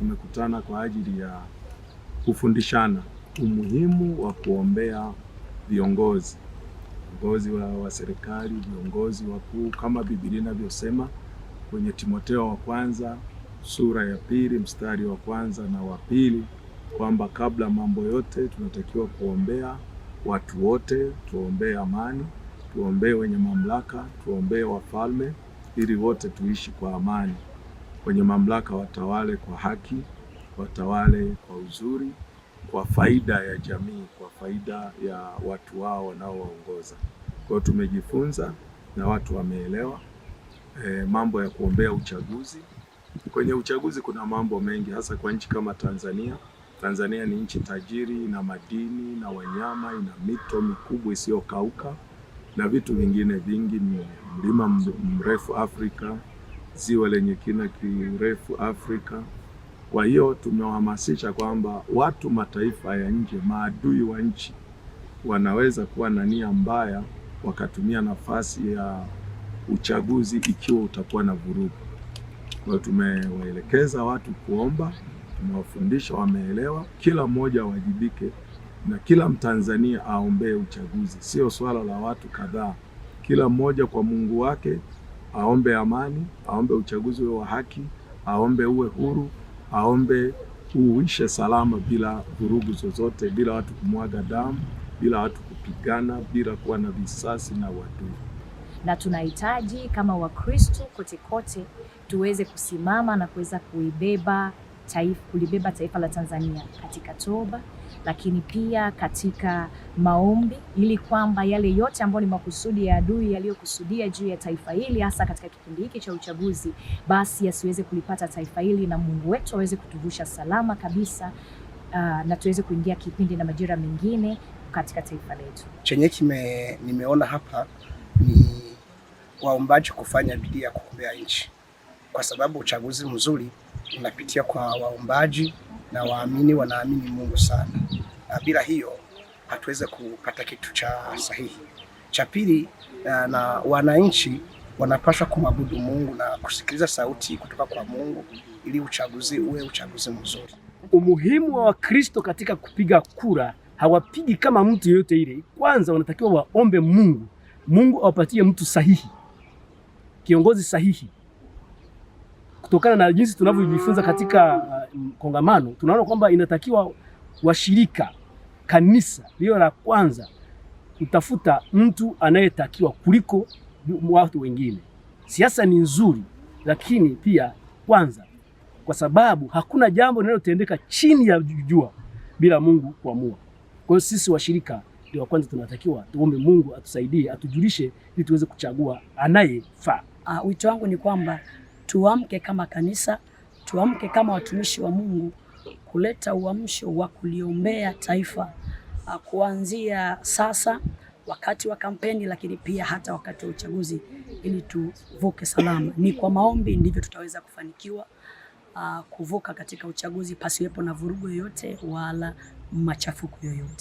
tumekutana kwa ajili ya kufundishana umuhimu wa kuombea viongozi, viongozi wa, wa serikali, viongozi wakuu, kama Biblia inavyosema kwenye timoteo wa kwanza sura ya pili mstari wa kwanza na wa pili kwamba kabla mambo yote tunatakiwa kuombea watu wote, tuombee amani, tuombee wenye mamlaka, tuombee wafalme, ili wote tuishi kwa amani kwenye mamlaka watawale kwa haki, watawale kwa uzuri, kwa faida ya jamii, kwa faida ya watu wao wanaowaongoza. Kwa hiyo tumejifunza na watu wameelewa e, mambo ya kuombea uchaguzi. Kwenye uchaguzi kuna mambo mengi, hasa kwa nchi kama Tanzania. Tanzania ni nchi tajiri, na madini, na wanyama, ina mito mikubwa isiyokauka na vitu vingine vingi, ni mlima mrefu Afrika ziwa lenye kina kirefu Afrika. Kwa hiyo tumewahamasisha kwamba watu mataifa ya nje, maadui wa nchi, wanaweza kuwa na nia mbaya wakatumia nafasi ya uchaguzi ikiwa utakuwa na vurugu. Kwa hiyo tumewaelekeza watu kuomba, tumewafundisha, wameelewa. Kila mmoja awajibike na kila Mtanzania aombee uchaguzi, sio swala la watu kadhaa, kila mmoja kwa Mungu wake aombe amani, aombe uchaguzi uwe wa haki, aombe uwe huru, aombe uishe salama bila vurugu zozote, bila watu kumwaga damu, bila watu kupigana, bila kuwa na visasi na wadui. Na tunahitaji kama Wakristo kote kote tuweze kusimama na kuweza kuibeba taifa, kulibeba taifa la Tanzania katika toba, lakini pia katika maombi, ili kwamba yale yote ambayo ni makusudi ya adui yaliyokusudia juu ya taifa hili, hasa katika kipindi hiki cha uchaguzi, basi yasiweze kulipata taifa hili, na Mungu wetu aweze kutuvusha salama kabisa, uh, na tuweze kuingia kipindi na majira mengine katika taifa letu. Chenye kime nimeona hapa ni waombaji kufanya bidii ya kuombea nchi, kwa sababu uchaguzi mzuri unapitia kwa waombaji na waamini, wanaamini Mungu sana, na bila hiyo hatuweze kupata kitu cha sahihi. Cha pili, na wananchi wanapaswa kumwabudu Mungu na kusikiliza sauti kutoka kwa Mungu ili uchaguzi uwe uchaguzi mzuri. Umuhimu wa Wakristo katika kupiga kura, hawapigi kama mtu yeyote ile. Kwanza wanatakiwa waombe Mungu, Mungu awapatie mtu sahihi, kiongozi sahihi kutokana na jinsi tunavyojifunza katika uh, kongamano, tunaona kwamba inatakiwa washirika, kanisa liyo la kwanza kutafuta mtu anayetakiwa kuliko watu wengine. Siasa ni nzuri, lakini pia kwanza, kwa sababu hakuna jambo linalotendeka chini ya jua bila Mungu kuamua. Kwa hiyo sisi washirika ndio wa kwanza tunatakiwa tuombe Mungu atusaidie, atujulishe ili tuweze kuchagua anayefaa. Uh, wito wangu ni kwamba tuamke kama kanisa, tuamke kama watumishi wa Mungu kuleta uamsho wa kuliombea taifa ah, kuanzia sasa wakati wa kampeni, lakini pia hata wakati wa uchaguzi, ili tuvuke salama. Ni kwa maombi ndivyo tutaweza kufanikiwa ah, kuvuka katika uchaguzi pasiwepo na vurugu yoyote wala machafuko yoyote.